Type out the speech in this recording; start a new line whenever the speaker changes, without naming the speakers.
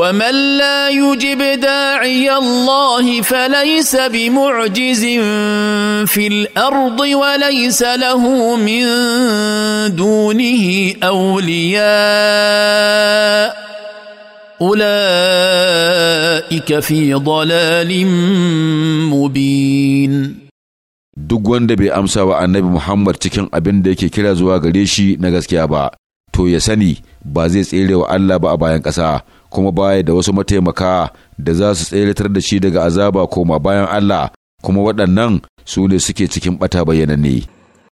ومن لا يجب داعي الله فليس بمعجز في الارض وليس له من دونه اولياء اولئك في ضلال
مبين duk wanda bai amsa wa annabi Muhammad cikin abin da yake kira zuwa gare shi na gaskiya ba to ya sani ba zai tsere wa Allah ba a bayan ƙasa kuma baya da wasu mataimaka da za su tseratar da shi daga azaba koma bayan Allah kuma waɗannan su ne suke cikin ɓata ne.